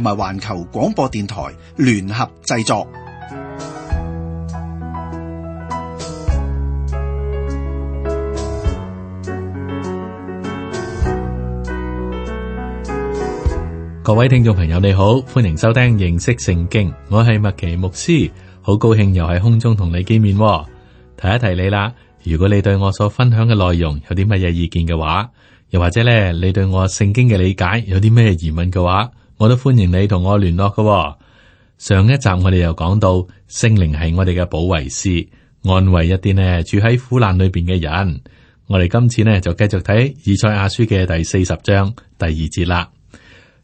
同埋環球廣播電台聯合製作。各位聽眾朋友，你好，歡迎收聽認識聖經。我係麥奇牧師，好高興又喺空中同你見面。提一提你啦，如果你對我所分享嘅內容有啲乜嘢意見嘅話，又或者咧，你對我聖經嘅理解有啲咩疑問嘅話，我都歡迎你同我聯絡噶喎。上一集我哋又講到，聖靈係我哋嘅保惠師，安慰一啲呢住喺苦難裏邊嘅人。我哋今次呢就繼續睇以賽亞書嘅第四十章第二節啦。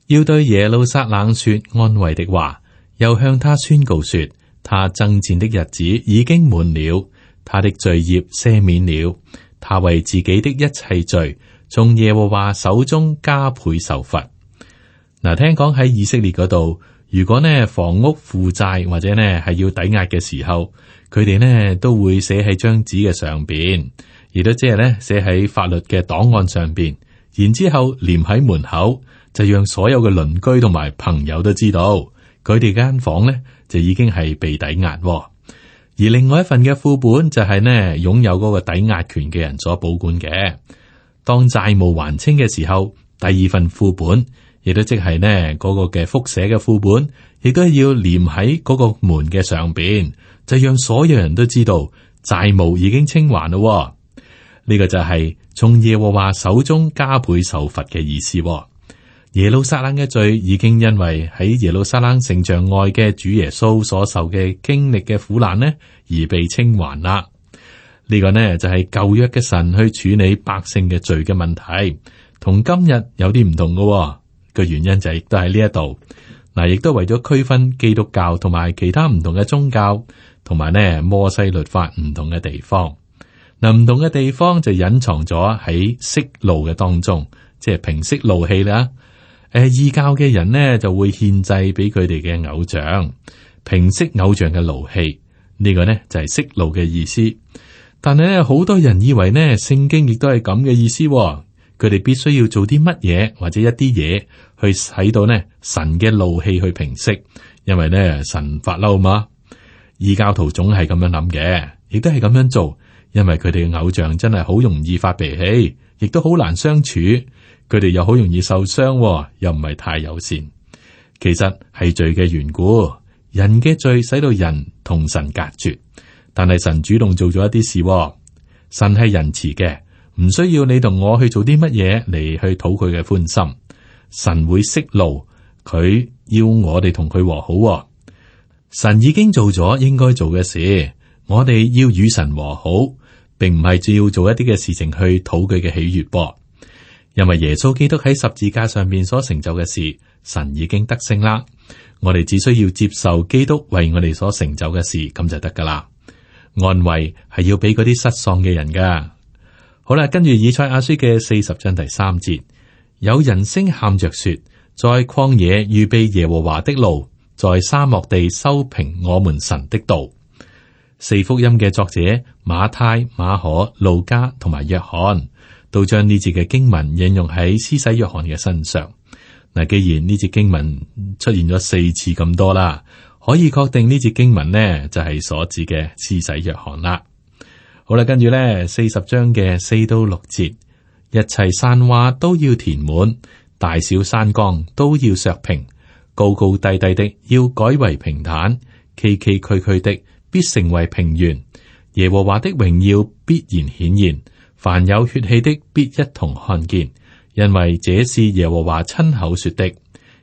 要對耶路撒冷說安慰的話，又向他宣告說，他征戰的日子已經滿了，他的罪孽赦免了，他為自己的一切罪從耶和華手中加倍受罰。嗱，聽講喺以色列嗰度，如果呢房屋負債或者呢係要抵押嘅時候，佢哋呢都會寫喺張紙嘅上邊，亦都即係呢寫喺法律嘅檔案上邊，然之後粘喺門口，就讓所有嘅鄰居同埋朋友都知道佢哋間房呢就已經係被抵押。而另外一份嘅副本就係呢擁有嗰個抵押權嘅人所保管嘅。當債務還清嘅時候，第二份副本。亦都即係呢嗰、那個嘅複寫嘅副本，亦都要粘喺嗰個門嘅上邊，就讓所有人都知道債務已經清還咯、哦。呢、這個就係從耶和華手中加倍受罰嘅意思、哦。耶路撒冷嘅罪已經因為喺耶路撒冷城牆外嘅主耶穌所受嘅經歷嘅苦難呢，而被清還啦。呢、這個呢就係、是、舊約嘅神去處理百姓嘅罪嘅問題，今同今日有啲唔同噶。個原因就係亦都喺呢一度，嗱，亦都為咗區分基督教同埋其他唔同嘅宗教，同埋咧摩西律法唔同嘅地方，嗱唔同嘅地方就隱藏咗喺息怒嘅當中，即係平息怒氣啦。誒，異教嘅人呢就會獻祭俾佢哋嘅偶像，平息偶像嘅怒氣，呢、這個呢就係息怒嘅意思。但係咧，好多人以為呢聖經亦都係咁嘅意思。佢哋必須要做啲乜嘢，或者一啲嘢，去使到呢神嘅怒氣去平息，因為呢神發嬲嘛。異教徒總係咁樣諗嘅，亦都係咁樣做，因為佢哋嘅偶像真係好容易發脾氣，亦都好難相處。佢哋又好容易受傷，又唔係太友善。其實係罪嘅緣故，人嘅罪使到人同神隔絕。但係神主動做咗一啲事，神係仁慈嘅。唔需要你同我去做啲乜嘢嚟去討佢嘅歡心，神會息怒，佢要我哋同佢和好，哦。神已經做咗應該做嘅事，我哋要與神和好，並唔係要做一啲嘅事情去討佢嘅喜悅噃，因為耶穌基督喺十字架上面所成就嘅事，神已經得勝啦。我哋只需要接受基督為我哋所成就嘅事，咁就得噶啦。安慰係要俾嗰啲失喪嘅人噶。好啦，跟住以賽亞書嘅四十章第三節，有人聲喊着說：在曠野預備耶和華的路，在沙漠地修平我們神的道。四福音嘅作者馬太、馬可、路加同埋約翰，都將呢節嘅經文應用喺施洗約翰嘅身上。嗱，既然呢節經文出現咗四次咁多啦，可以確定呢節經文呢就係所指嘅施洗約翰啦。好啦，跟住咧，四十章嘅四到六節，一切山窪都要填滿，大小山崗都要削平，高高低低的要改為平坦，崎崎嶇嶇的必成為平原。耶和華的榮耀必然顯現，凡有血氣的必一同看見，因為這是耶和華親口說的。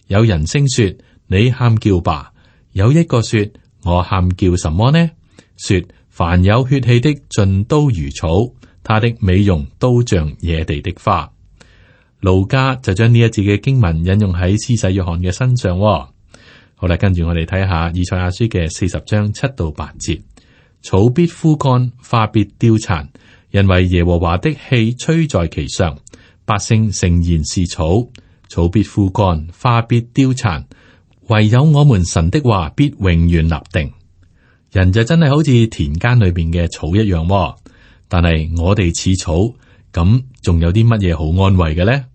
有人聲說：你喊叫吧。有一個說：我喊叫什麼呢？說。凡有血氣的，盡都如草；他的美容都像野地的花。路加就將呢一節嘅經文引用喺施洗約翰嘅身上、哦。好啦，跟住我哋睇下以賽亞書嘅四十章七到八節：草必枯乾，花必凋殘，因為耶和華的氣吹在其上。百姓誠然是草，草必枯乾，花必凋殘。唯有我們神的話必永遠立定。人就真係好似田間裏邊嘅草一樣、哦，但係我哋似草咁，仲有啲乜嘢好安慰嘅呢？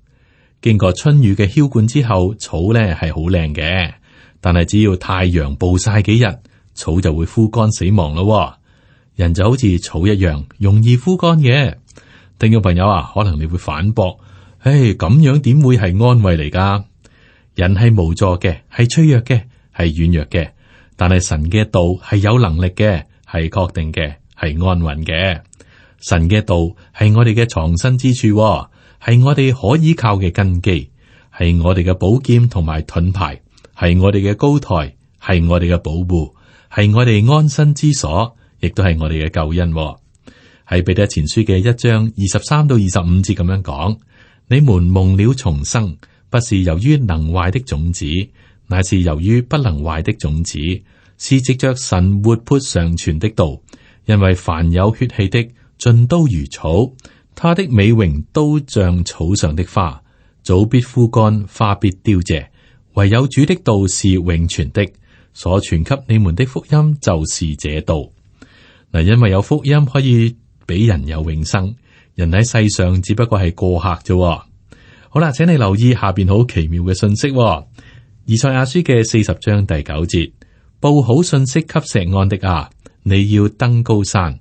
經過春雨嘅澆灌之後，草咧係好靚嘅，但係只要太陽暴曬幾日，草就會枯乾死亡咯、哦。人就好似草一樣，容易枯乾嘅。聽眾朋友啊，可能你會反駁，唉、哎，咁樣點會係安慰嚟噶？人係無助嘅，係脆弱嘅，係軟弱嘅。但係神嘅道係有能力嘅，係確定嘅，係安穩嘅。神嘅道係我哋嘅藏身之處、哦，係我哋可以靠嘅根基，係我哋嘅寶劍同埋盾牌，係我哋嘅高台，係我哋嘅保護，係我哋安身之所，亦都係我哋嘅救恩、哦。喺彼得前書嘅一章二十三到二十五節咁樣講：你們蒙了重生，不是由於能壞的種子。乃是由於不能壞的種子，是藉着神活潑常存的道。因為凡有血氣的，盡都如草，它的美榮都像草上的花，早必枯乾，花必凋謝。唯有主的道是永存的，所傳給你們的福音就是這道。嗱，因為有福音可以俾人有永生，人喺世上只不過係過客啫。好啦，請你留意下邊好奇妙嘅信息哦。而賽亞書嘅四十章第九節，報好信息給錫安的啊，你要登高山；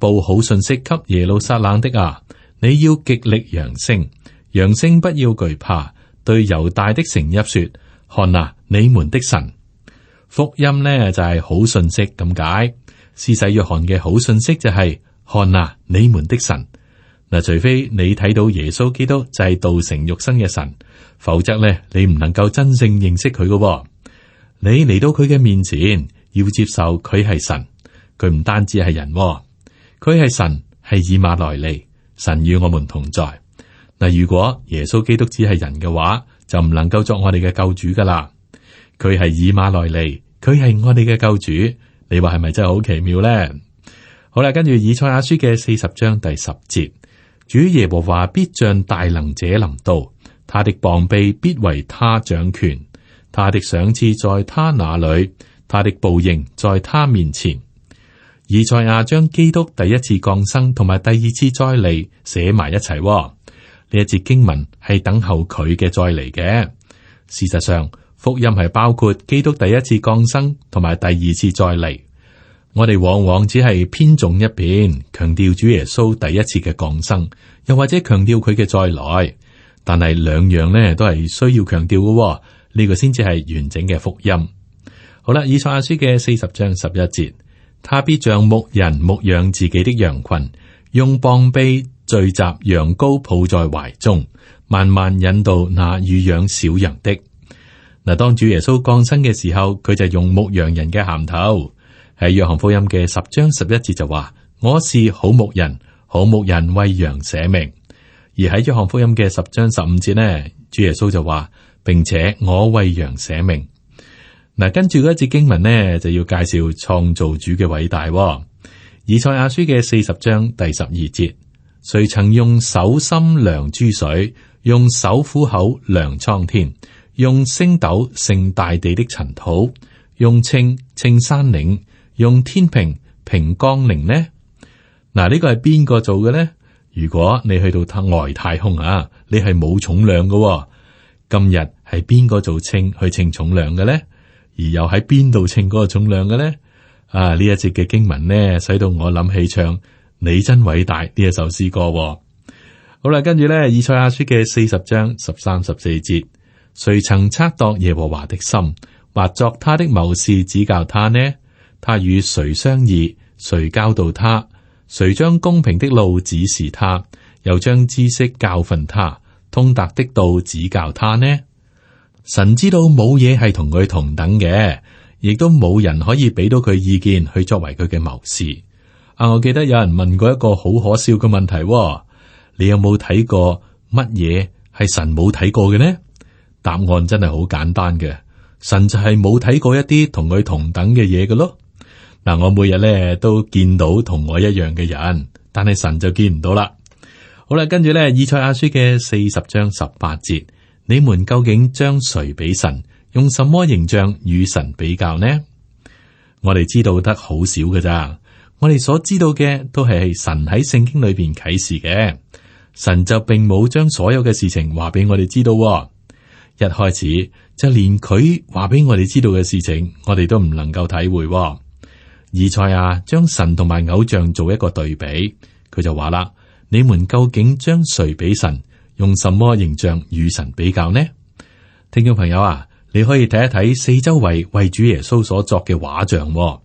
報好信息給耶路撒冷的啊，你要極力揚聲。揚聲不要懼怕，對猶大的城邑說：看啊，你們的神！福音呢就係、是、好信息咁解。施洗約翰嘅好信息就係、是：看啊，你們的神。嗱，除非你睇到耶穌基督就係道成肉身嘅神。否則咧，你唔能夠真正認識佢噶。你嚟到佢嘅面前，要接受佢係神，佢唔單止係人，佢係神，係以馬內利，神與我們同在。嗱，如果耶穌基督只係人嘅話，就唔能夠作我哋嘅救主噶啦。佢係以馬內利，佢係我哋嘅救主。你話係咪真係好奇妙咧？好啦，跟住以賽亞書嘅四十章第十節，主耶和華必將大能者臨到。他的膀臂必為他掌權，他的賞賜在他那裏，他的報應在他面前。以賽亞將基督第一次降生同埋第二次再嚟寫埋一齊。呢一節經文係等候佢嘅再嚟嘅。事實上，福音係包括基督第一次降生同埋第二次再嚟。我哋往往只係偏重一邊，強調主耶穌第一次嘅降生，又或者強調佢嘅再來。但係兩樣呢都係需要強調嘅、哦，呢、這個先至係完整嘅福音。好啦，以賽亞書嘅四十章十一節，他必像牧人牧養自己的羊群，用膀臂聚集羊羔，抱在懷中，慢慢引導那乳養小羊的。嗱，當主耶穌降生嘅時候，佢就用牧羊人嘅銜頭，喺約翰福音嘅十章十一節就話，我是好牧人，好牧人為羊捨命。而喺約翰福音嘅十章十五節呢，主耶穌就話，並且我為羊捨命。嗱、啊，跟住嗰一節經文呢，就要介紹創造主嘅偉大、哦。以賽亞書嘅四十章第十二節，誰曾用手心量諸水，用手虎口量蒼天，用升斗盛大地的塵土，用秤稱山嶺，用天平平岡陵呢？嗱、啊，呢個係邊個做嘅呢？如果你去到太外太空啊，你係冇重量嘅、哦。今日係邊個做稱去稱重量嘅咧？而又喺邊度稱嗰個重量嘅咧？啊！呢一節嘅經文呢，使到我諗起唱《你真偉大》呢一首詩歌、哦。好啦，跟住咧，以賽亞書嘅四十章十三十四節，誰曾測度耶和華的心，或作他的謀士指教他呢？他與誰商議，誰教導他？誰將公平的路指示他，又將知識教訓他，通達的道指教他呢？神知道冇嘢係同佢同等嘅，亦都冇人可以俾到佢意見去作為佢嘅謀士。啊，我記得有人問過一個好可笑嘅問題喎，哦，你有冇睇過乜嘢係神冇睇過嘅呢？答案真係好簡單嘅，神就係冇睇過一啲同佢同等嘅嘢嘅咯。嗱、啊，我每日咧都見到同我一樣嘅人，但係神就見唔到啦。好啦，跟住咧，以賽亞書嘅四十章十八節，你們究竟將誰比神，用什麼形象與神比較呢？我哋知道得好少噶咋。我哋所知道嘅都係神喺聖經裏邊啟示嘅。神就並冇將所有嘅事情話俾我哋知道。一開始就連佢話俾我哋知道嘅事情，我哋都唔能夠體會。以賽亞將神同埋偶像做一個對比，佢就話啦：你們究竟將誰比神？用什麼形象與神比較呢？聽眾朋友啊，你可以睇一睇四周圍為主耶穌所作嘅畫像哦。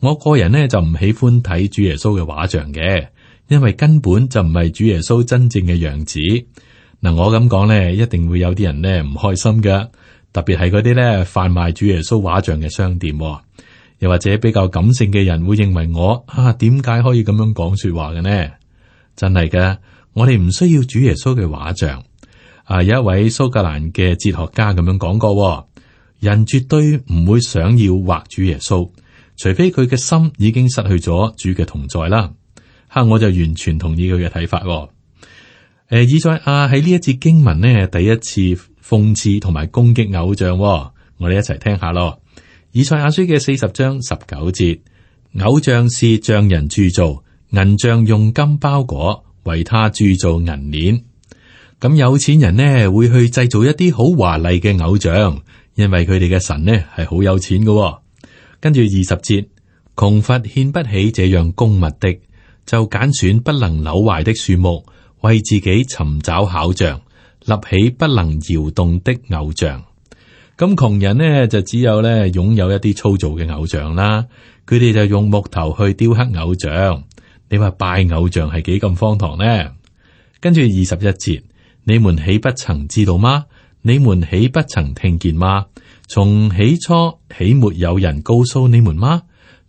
我個人呢就唔喜歡睇主耶穌嘅畫像嘅，因為根本就唔係主耶穌真正嘅樣子。嗱，我咁講呢，一定會有啲人呢唔開心嘅，特別係嗰啲呢販賣主耶穌畫像嘅商店。又或者比較感性嘅人會認為我啊，點解可以咁樣講說話嘅呢？真係嘅，我哋唔需要主耶穌嘅畫像。啊，有一位蘇格蘭嘅哲學家咁樣講過、哦，人絕對唔會想要畫主耶穌，除非佢嘅心已經失去咗主嘅同在啦。吓、啊，我就完全同意佢嘅睇法、哦。誒、啊，以、啊、賽亞喺呢一節經文呢，第一次諷刺同埋攻擊偶像、哦。我哋一齊聽一下咯。以賽亞書嘅四十章十九節，偶像是匠人鑄造，銀匠用金包裹，為他鑄造銀鏈。咁有錢人呢，會去製造一啲好華麗嘅偶像，因為佢哋嘅神呢係好有錢嘅哦。跟住二十節，窮乏獻不起這樣供物的，就揀選不能朽壞的樹木，為自己尋找巧匠，立起不能搖動的偶像。咁窮人呢就只有咧擁有一啲粗糙嘅偶像啦，佢哋就用木頭去雕刻偶像。你話拜偶像係幾咁荒唐呢？跟住二十一節，你們豈不曾知道嗎？你們豈不曾聽見嗎？從起初豈沒有人告訴你們嗎？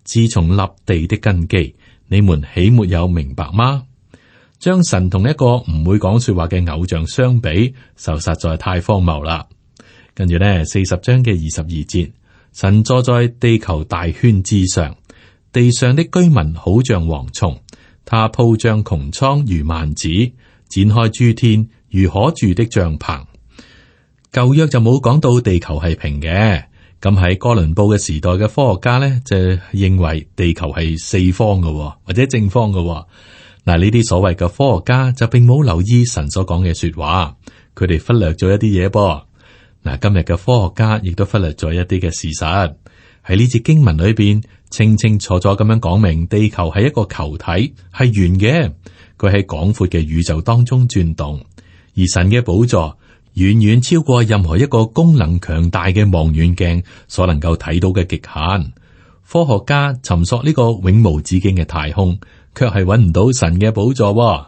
自從立地的根基，你們豈沒有明白嗎？將神同一個唔會講說話嘅偶像相比，就實在太荒謬啦。跟住呢四十章嘅二十二節，神坐在地球大圈之上，地上的居民好像蝗蟲，他鋪張穹蒼如幔子，展開諸天如可住的帳棚。舊約就冇講到地球係平嘅，咁喺哥倫布嘅時代嘅科學家呢，就認為地球係四方㗎喎，或者正方㗎喎。嗱，呢啲所謂嘅科學家就並冇留意神所講嘅說話，佢哋忽略咗一啲嘢噃。嗱，今日嘅科學家亦都忽略咗一啲嘅事實，喺呢節經文裏邊清清楚楚咁樣講明，地球係一個球體，係圓嘅，佢喺廣闊嘅宇宙當中轉動，而神嘅寶座遠遠超過任何一個功能強大嘅望遠鏡所能夠睇到嘅極限。科學家尋索呢個永無止境嘅太空，卻係揾唔到神嘅寶座，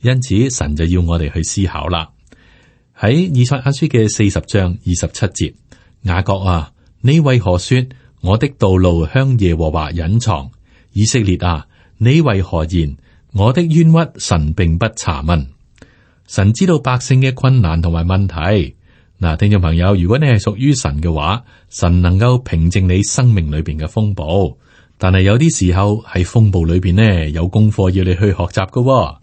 因此神就要我哋去思考啦。喺以賽亞書嘅四十章二十七節，雅各啊，你為何說我的道路向耶和華隱藏？以色列啊，你為何言我的冤屈神並不查問？神知道百姓嘅困難同埋問題。嗱，聽眾朋友，如果你係屬於神嘅話，神能夠平靜你生命裏邊嘅風暴，但係有啲時候喺風暴裏邊呢，有功課要你去學習嘅哦。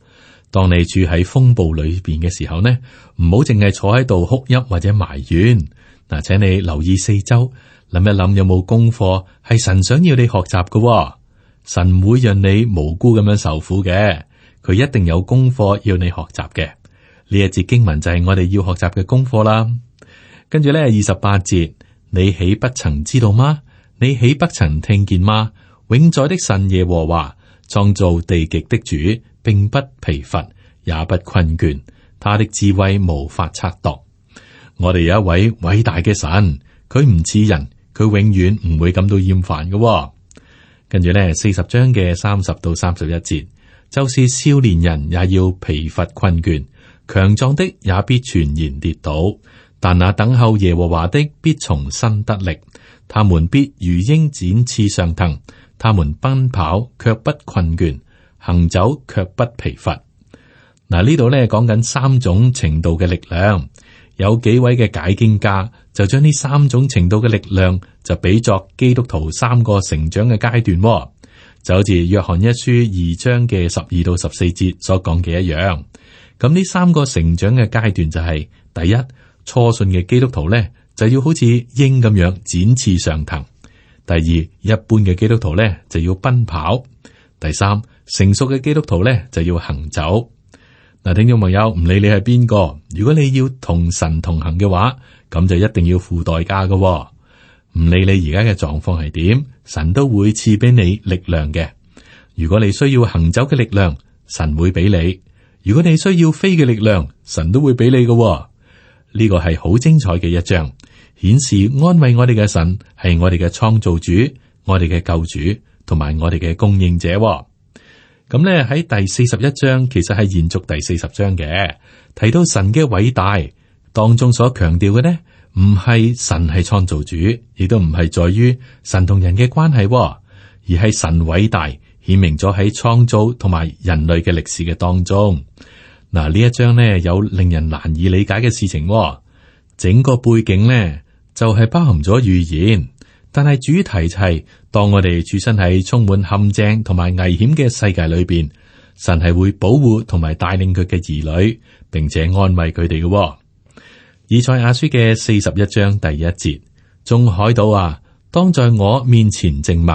當你住喺風暴裏邊嘅時候呢，唔好淨係坐喺度哭泣，或者埋怨。嗱，請你留意四周，諗一諗有冇功課係神想要你學習嘅哦。神唔會讓你無辜咁樣受苦嘅，佢一定有功課要你學習嘅。呢一節經文就係我哋要學習嘅功課啦。跟住咧，二十八節，你豈不曾知道嗎？你豈不曾聽見嗎？永在的神耶和華，創造地極的主。並不疲乏，也不困倦，他的智慧無法測度。我哋有一位偉大嘅神，佢唔似人，佢永遠唔會感到厭煩嘅，哦。跟住咧，四十章嘅三十到三十一節，就是少年人也要疲乏困倦，強壯的也必全然跌倒，但那等候耶和華的必重新得力，他們必如鷹展翅上騰，他們奔跑卻不困倦。.行走卻不疲乏。嗱、啊，呢度咧講緊三種程度嘅力量，有幾位嘅解經家就將呢三種程度嘅力量就比作基督徒三個成長嘅階段、哦，就好似《約翰一書》二章嘅十二到十四節所講嘅一樣。咁呢三個成長嘅階段就係、是、第一，初信嘅基督徒咧就要好似鷹咁樣展翅上騰；第二，一般嘅基督徒咧就要奔跑；第三。成熟嘅基督徒咧就要行走。嗱，聽眾朋友，唔理你係邊個，如果你要同神同行嘅話，咁就一定要付代價嘅、哦。唔理你而家嘅狀況係點，神都會賜俾你力量嘅。如果你需要行走嘅力量，神會俾你；如果你需要飛嘅力量，神都會俾你、哦。噶呢個係好精彩嘅一章，顯示安慰我哋嘅神係我哋嘅創造主，我哋嘅救主，同埋我哋嘅供應者、哦。咁咧喺第四十一章，其實係延續第四十章嘅，提到神嘅偉大，當中所強調嘅呢，唔係神係創造主，亦都唔係在於神同人嘅關係，而係神偉大顯明咗喺創造同埋人類嘅歷史嘅當中。嗱呢一章呢，有令人難以理解嘅事情，整個背景呢，就係包含咗預言。但係主題就係，當我哋處身喺充滿陷阱同埋危險嘅世界裏邊，神係會保護同埋帶領佢嘅兒女，並且安慰佢哋嘅喎。以賽亞書嘅四十一章第一節，眾海島啊，當在我面前靜默；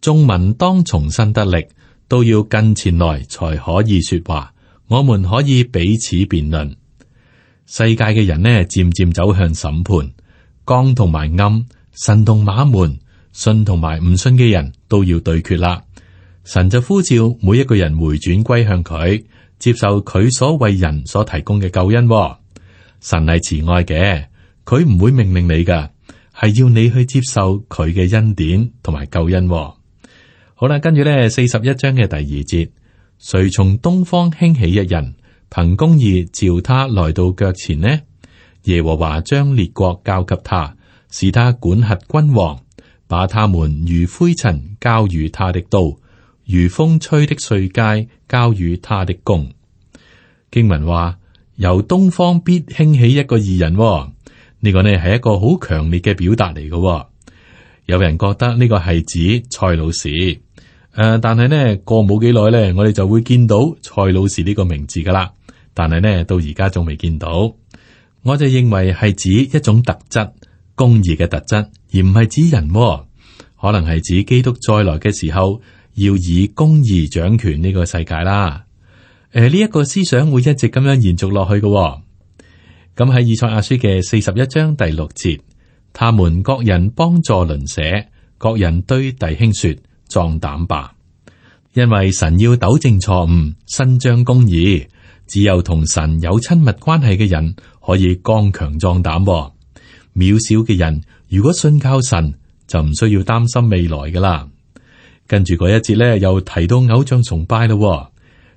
眾民當重新得力，都要近前來才可以說話。我們可以彼此辯論。世界嘅人呢，漸漸走向審判，光同埋暗。神同馬門信同埋唔信嘅人都要對決啦。神就呼召每一個人回轉歸向佢，接受佢所為人所提供嘅救恩、哦。神係慈愛嘅，佢唔會命令你㗎，係要你去接受佢嘅恩典同埋救恩、哦。好啦，跟住咧四十一章嘅第二節，誰從東方興起一人，憑公義召他來到腳前呢？耶和華將列國交給他。是他管轄君王，把他們如灰塵交與他的刀，如風吹的碎秸，交與他的弓。經文話：由東方必興起一個異人、哦。呢、這個呢係一個好強烈嘅表達嚟嘅、哦。有人覺得呢個係指塞魯士，誒、呃，但係呢過冇幾耐呢，我哋就會見到塞魯士呢個名字噶啦。但係呢到而家仲未見到，我就認為係指一種特質。公義嘅特質，而唔係指人、哦，可能係指基督再來嘅時候，要以公義掌權呢個世界啦。誒、呃，呢、這、一個思想會一直咁樣延續落去嘅、哦。咁喺以賽亞書嘅四十一章第六節，他們各人幫助鄰舍，各人對弟兄說壯膽吧，因為神要糾正錯誤，伸張公義，只有同神有親密關係嘅人可以剛強壯膽、哦。渺小嘅人，如果信靠神，就唔需要擔心未來噶啦。跟住嗰一節咧，又提到偶像崇拜咯、哦。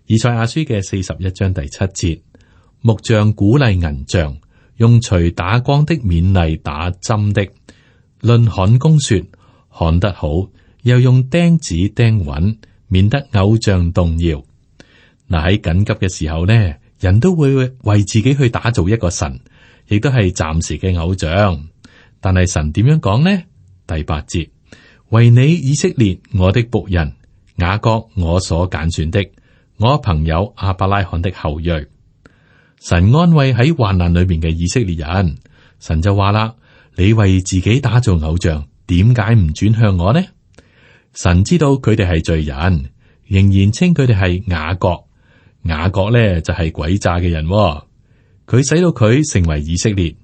以賽亞書嘅四十一章第七節，木匠鼓勵銀匠，用錘打光的勉勵打針的，論焊工說焊得好，又用釘子釘穩，免得偶像動搖。嗱，喺緊急嘅時候咧，人都會為自己去打造一個神。亦都係暫時嘅偶像，但係神點樣講呢？第八節，為你以色列，我的僕人雅各，我所揀選的，我朋友亞伯拉罕的後裔。神安慰喺患難裏面嘅以色列人，神就話啦：你為自己打造偶像，點解唔轉向我呢？神知道佢哋係罪人，仍然稱佢哋係雅各。雅各咧就係、是、鬼詐嘅人、哦。佢使到佢成為以色列，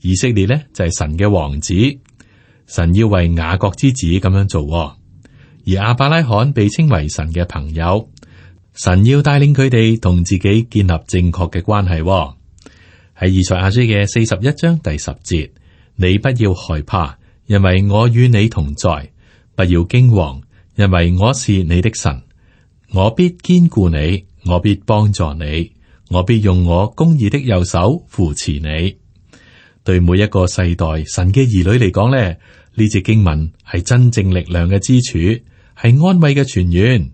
以色列呢就係、是、神嘅王子，神要為雅各之子咁樣做、哦。而亞伯拉罕被稱為神嘅朋友，神要帶領佢哋同自己建立正確嘅關係、哦。喺以賽亞書嘅四十一章第十節，你不要害怕，因為我與你同在；不要驚惶，因為我是你的神，我必堅固你，我必幫助你。我必用我公義的右手扶持你。對每一個世代神嘅兒女嚟講咧，呢節經文係真正力量嘅支柱，係安慰嘅泉源。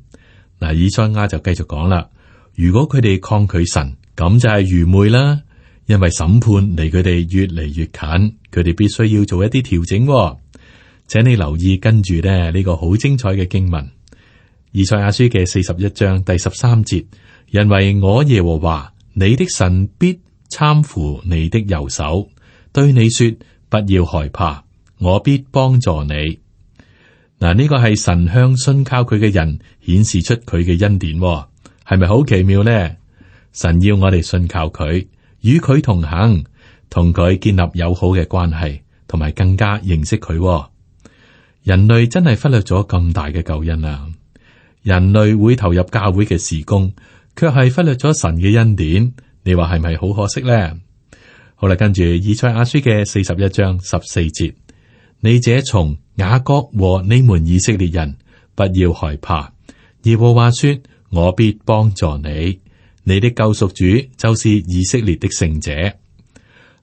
嗱，以賽亞就繼續講啦。如果佢哋抗拒神，咁就係愚昧啦，因為審判離佢哋越嚟越近，佢哋必須要做一啲調整。請你留意跟住咧呢個好精彩嘅經文，以賽亞書嘅四十一章第十三節。因為我耶和華你的神必攙扶你的右手，對你說：不要害怕，我必幫助你。嗱，呢個係神向信靠佢嘅人顯示出佢嘅恩典喎，係咪好奇妙呢？神要我哋信靠佢，與佢同行，同佢建立友好嘅關係，同埋更加認識佢喎。人類真係忽略咗咁大嘅救恩啊！人類會投入教會嘅事工。卻係忽略咗神嘅恩典，你話係咪好可惜呢？好啦，跟住以賽亞書嘅四十一章十四節，你這蟲雅各和你們以色列人，不要害怕，耶和華說：我必幫助你，你的救贖主就是以色列的聖者。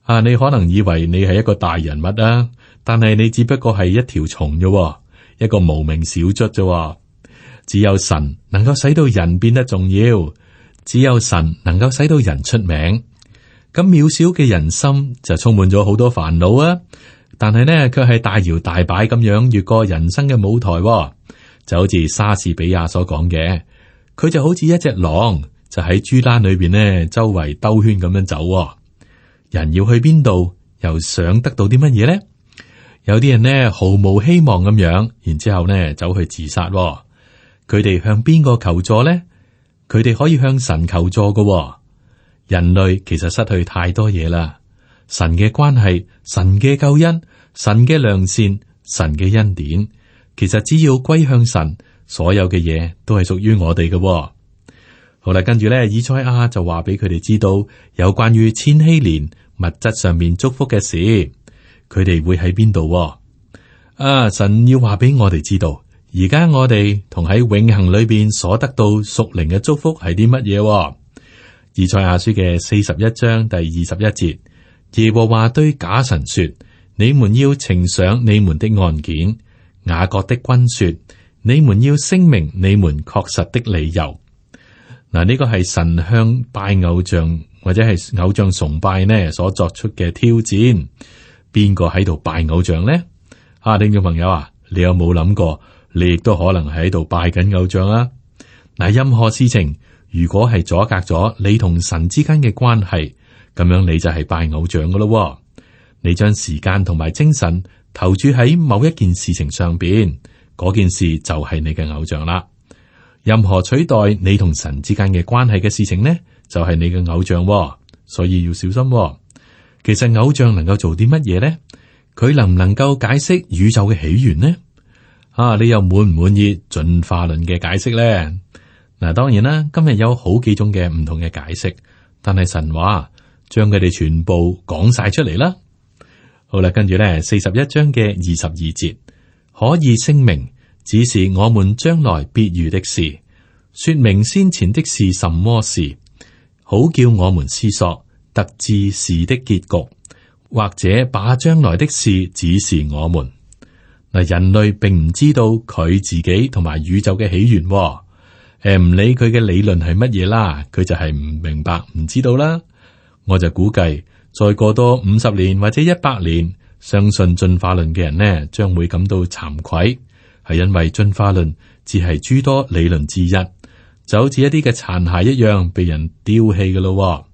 啊，你可能以為你係一個大人物啊，但係你只不過係一條蟲啫，一個無名小卒啫。只有神能夠使到人變得重要。只有神能夠使到人出名，咁渺小嘅人心就充滿咗好多煩惱啊！但係呢，卻係大搖大擺咁樣越過人生嘅舞台喎，就好似莎士比亞所講嘅，佢就好似一隻狼，就喺豬欄裏邊呢周圍兜圈咁樣走喎。人要去邊度，又想得到啲乜嘢呢？有啲人呢，毫無希望咁樣，然之後呢，走去自殺喎。佢哋向邊個求助呢？佢哋可以向神求助噶、哦，人類其實失去太多嘢啦。神嘅關係、神嘅救恩、神嘅良善、神嘅恩典，其實只要歸向神，所有嘅嘢都係屬於我哋嘅、哦。好啦，跟住咧，以賽亞就話俾佢哋知道有關於千禧年物質上面祝福嘅事，佢哋會喺邊度？啊，神要話俾我哋知道。而家我哋同喺永恆裏邊所得到屬靈嘅祝福係啲乜嘢？以賽亞書嘅四十一章第二十一節，耶和華對假神說：你們要呈上你們的案件；雅各的君說：你們要聲明你們確實的理由。嗱，呢個係神向拜偶像或者係偶像崇拜呢所作出嘅挑戰。邊個喺度拜偶像呢？啊，聽眾朋友啊，你有冇諗過？你亦都可能喺度拜緊偶像啊！嗱，任何事情如果係阻隔咗你同神之間嘅關係，咁樣你就係拜偶像噶咯。你將時間同埋精神投注喺某一件事情上邊，嗰件事就係你嘅偶像啦。任何取代你同神之間嘅關係嘅事情呢，就係你嘅偶像，所以要小心。其實偶像能夠做啲乜嘢呢？佢能唔能夠解釋宇宙嘅起源呢？啊，你又滿唔滿意進化論嘅解釋呢？嗱，當然啦，今日有好幾種嘅唔同嘅解釋，但係神話將佢哋全部講晒出嚟啦。好啦，跟住咧，四十一章嘅二十二節，可以聲明，指示我們將來必遇的事，說明先前的是什麼事，好叫我們思索，得知事的結局，或者把將來的事指示我們。嗱，人類並唔知道佢自己同埋宇宙嘅起源，哦，誒、呃、唔理佢嘅理論係乜嘢啦，佢就係唔明白唔知道啦。我就估計再過多五十年或者一百年，相信進化論嘅人呢，將會感到慚愧，係因為進化論只係諸多理論之一，就好似一啲嘅殘骸一樣，被人丟棄嘅咯。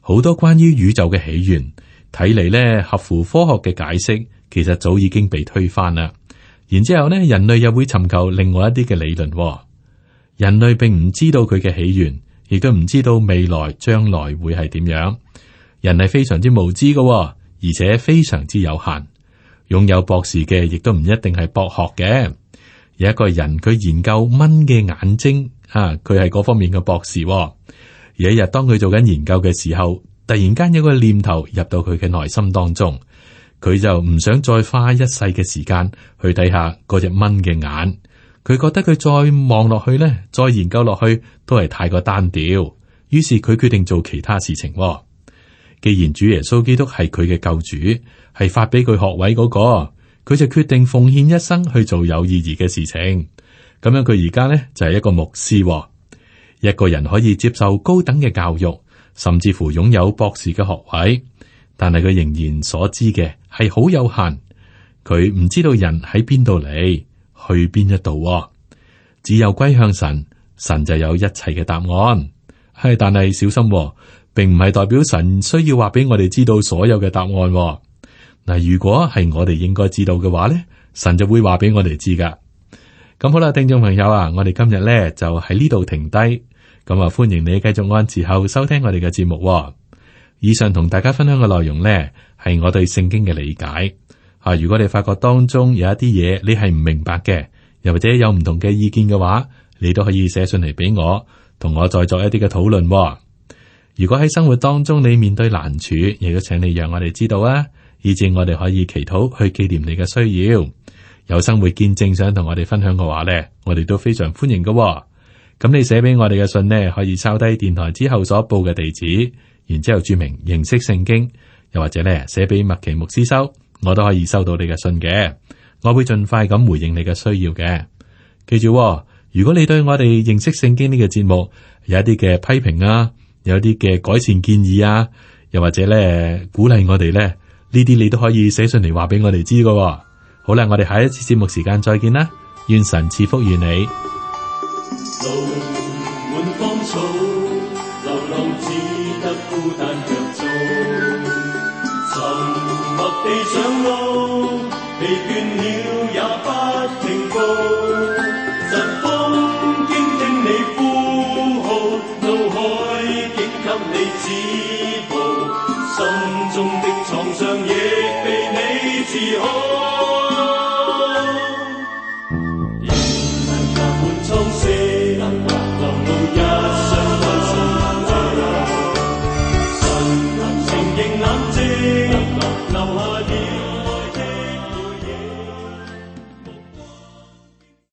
好多關於宇宙嘅起源，睇嚟呢合乎科學嘅解釋。其實早已經被推翻啦，然之後咧，人類又會尋求另外一啲嘅理論、哦。人類並唔知道佢嘅起源，亦都唔知道未來將來會係點樣。人係非常之無知嘅、哦，而且非常之有限。擁有博士嘅，亦都唔一定係博學嘅。有一個人，佢研究蚊嘅眼睛，啊，佢係嗰方面嘅博士、哦。有一日，當佢做緊研究嘅時候，突然間有個念頭入到佢嘅內心當中。佢就唔想再花一世嘅時間去睇下嗰隻蚊嘅眼，佢覺得佢再望落去咧，再研究落去都係太過單調。於是佢決定做其他事情、哦。既然主耶穌基督係佢嘅救主，係發俾佢學位嗰、那個，佢就決定奉獻一生去做有意義嘅事情。咁樣佢而家咧就係、是、一個牧師、哦。一個人可以接受高等嘅教育，甚至乎擁有博士嘅學位，但係佢仍然所知嘅，係好有限，佢唔知道人喺邊度嚟，去邊一度。只有歸向神，神就有一切嘅答案。係，但係小心喎，並唔係代表神需要話俾我哋、哦、知道所有嘅答案。嗱，如果係我哋應該知道嘅話咧，神就會話俾我哋知噶。咁好啦，聽眾朋友啊，我哋今日咧就喺呢度停低。咁啊，歡迎你繼續按時候收聽我哋嘅節目喎。以上同大家分享嘅內容咧。係我對聖經嘅理解吓、啊。如果你發覺當中有一啲嘢，你係唔明白嘅，又或者有唔同嘅意見嘅話，你都可以寫信嚟俾我，同我再作一啲嘅討論、哦。如果喺生活當中你面對難處，亦都請你讓我哋知道啊，以至我哋可以祈禱去紀念你嘅需要。有生活見證想同我哋分享嘅話呢，我哋都非常歡迎噶、哦。咁你寫俾我哋嘅信呢，可以抄低電台之後所報嘅地址，然之後注明認識聖經。又或者咧，寫俾麥奇牧師收，我都可以收到你嘅信嘅，我會盡快咁回應你嘅需要嘅。記住、哦，如果你對我哋認識聖經呢個節目有一啲嘅批評啊，有一啲嘅改善建議啊，又或者咧，鼓勵我哋咧，呢啲你都可以寫信嚟話俾我哋知嘅。好啦，我哋下一次節目時間再見啦，願神賜福與你。地上路，疲倦了也不停步。